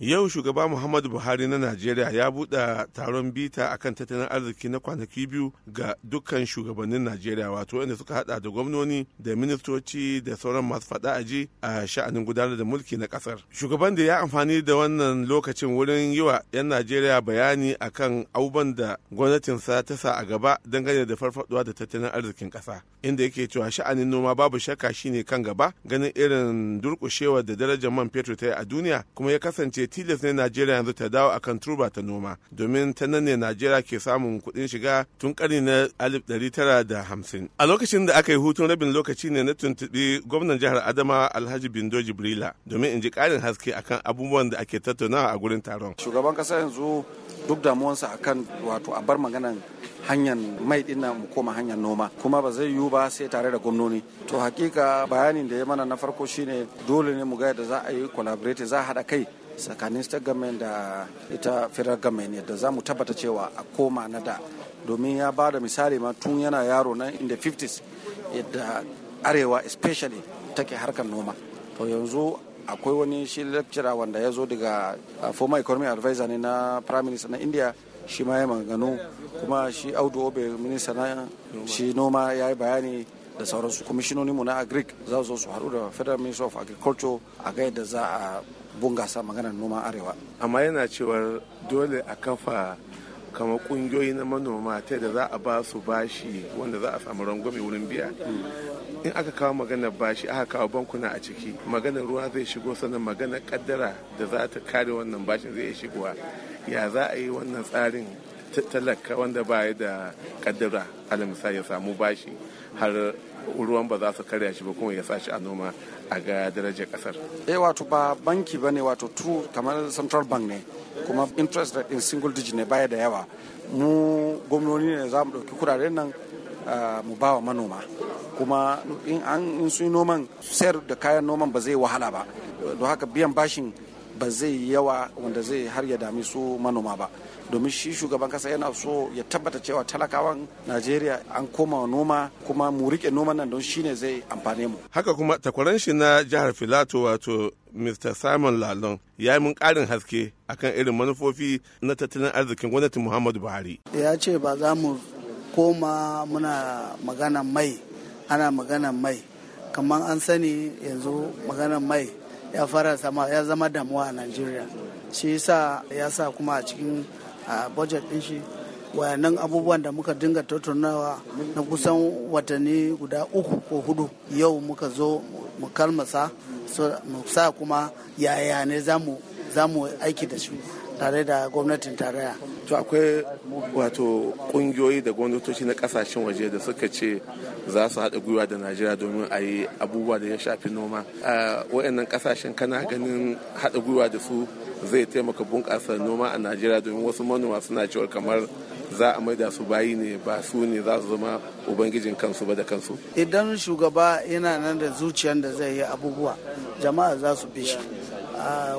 yau shugaba muhammadu buhari na najeriya ya buɗe taron bita akan tattalin arziki na kwanaki biyu ga dukkan shugabannin najeriya wato inda suka hada da gwamnoni da ministoci da sauran masu faɗa ji a sha'anin gudanar da mulki na kasar. shugaban da ya amfani da wannan lokacin wurin yi wa 'yan najeriya bayani akan auban da gwamnatinsa ta sa a gaba dangane da farfaɗuwa da tattalin arzikin ƙasa inda yake cewa sha'anin noma babu shakka shine kan gaba ganin irin durƙushewar da darajar man fetur ta yi a duniya kuma ya kasance tilas ne najeriya yanzu ta dawo akan turba ta noma domin ta nan ne najeriya ke samun kuɗin shiga tun ƙarni na 1950 a lokacin da aka yi hutun rabin lokaci ne na tuntubi gwamnan jihar adama alhaji bindo jibrila domin in ji ƙarin haske akan abubuwan da ake tattaunawa a gurin taron shugaban kasa yanzu duk damuwansa akan wato a bar maganan hanyar mai din mu koma hanyar noma kuma ba zai yiwu ba sai tare da gwamnoni to hakika bayanin da ya mana na farko shine dole ne mu ga yadda za a yi collaborate za a haɗa kai tsakanin state government da ita federal government yadda za mu tabbata cewa a koma na da domin ya ba da misali ma tun yana yaro na in the 50s yadda arewa especially take harkar noma to yanzu akwai wani shi lecturer wanda ya zo daga uh, former economy advisor ne na prime minister na india shi ma ya kuma shi audu obe minister na shi noma ya yi bayani da sauransu kwamishinoninmu na agric za su su haɗu da federal minister of agriculture a ga yadda za a bungasa maganar noma arewa amma yana cewa dole a kafa kama kungiyoyi na manoma ta da za a ba su bashi wanda za a samu rangwame wurin biya in aka kawo maganar bashi aka kawo bankuna a ciki maganar ruwa zai shigo sannan maganar kaddara da za ta kare wannan bashin zai shigowa ya za a yi wannan tsarin talaka wanda ba ya da kaddara alamisa ya samu bashi har ruwan ba za su karya shi ba kuma ya sashi a noma a ga darajar kasar. Eh wato ba banki ba ne wato tu kamar central bank ne kuma interest rate in single digit ne baya da yawa mu gwamnoni ne za mu ɗauki kuraren nan ah, mu ba wa manoma kuma in an in noman sayar da kayan noman ba zai wahala ba don haka biyan bashin ba zai yawa wanda zai har ya dami su manoma ba domin shi shugaban kasa yana so ya tabbata cewa talakawan najeriya an koma noma kuma mu rike noman nan don shine zai amfane mu haka kuma takwaran shi na jihar filato wato mr simon lalon ya yi mun karin haske akan irin manufofi na tattalin arzikin gwamnati muhammadu buhari ya ce ba za mu koma muna magana mai ana magana mai kamar an sani yanzu magana mai ya fara ya zama damuwa a Najeriya. Shi yasa ya sa kuma a cikin budget ɗin shi wayannan abubuwan da muka dinga tattaunawa na kusan watanni guda uku ko hudu yau muka zo mu kalmasa mu sa kuma yaya ne za mu aiki da su tare da gwamnatin tarayya. to akwai wato kungiyoyi da gwamnatoci na kasashen waje da suka ce za su haɗa gwiwa da najeriya domin a yi abubuwa da ya shafi noma a wayannan kasashen kana ganin haɗa gwiwa da su zai taimaka bunƙasa noma a najeriya domin wasu manoma suna cewa kamar za a maida su bayi ne ba su ne za su zama ubangijin kansu ba da kansu idan shugaba yana nan da zuciyar da zai yi abubuwa jama'a za su bi shi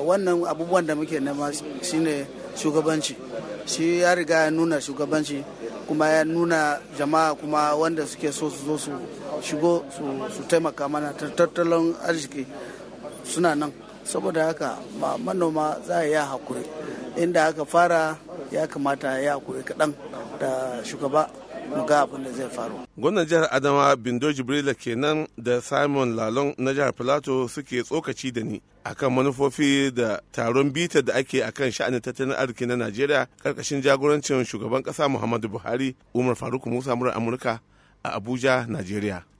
wannan abubuwan da muke nema shine shugabanci shi ya riga ya nuna shugabanci kuma ya nuna jama'a kuma wanda suke so su zo su shigo su taimaka mana tattalin arziki suna nan saboda haka manoma za a ya hakuri inda aka fara ya kamata ya hakuri kaɗan da shugaba mu ga abin da zai faru gwamnan jihar adama bindo jibrila kenan da simon lalon na jihar plateau suke tsokaci da ni akan manufofi da taron bita da ake akan sha'anin tattalin arziki na najeriya karkashin jagorancin shugaban kasa muhammadu buhari umar faruk musa murar amurka a abuja najeriya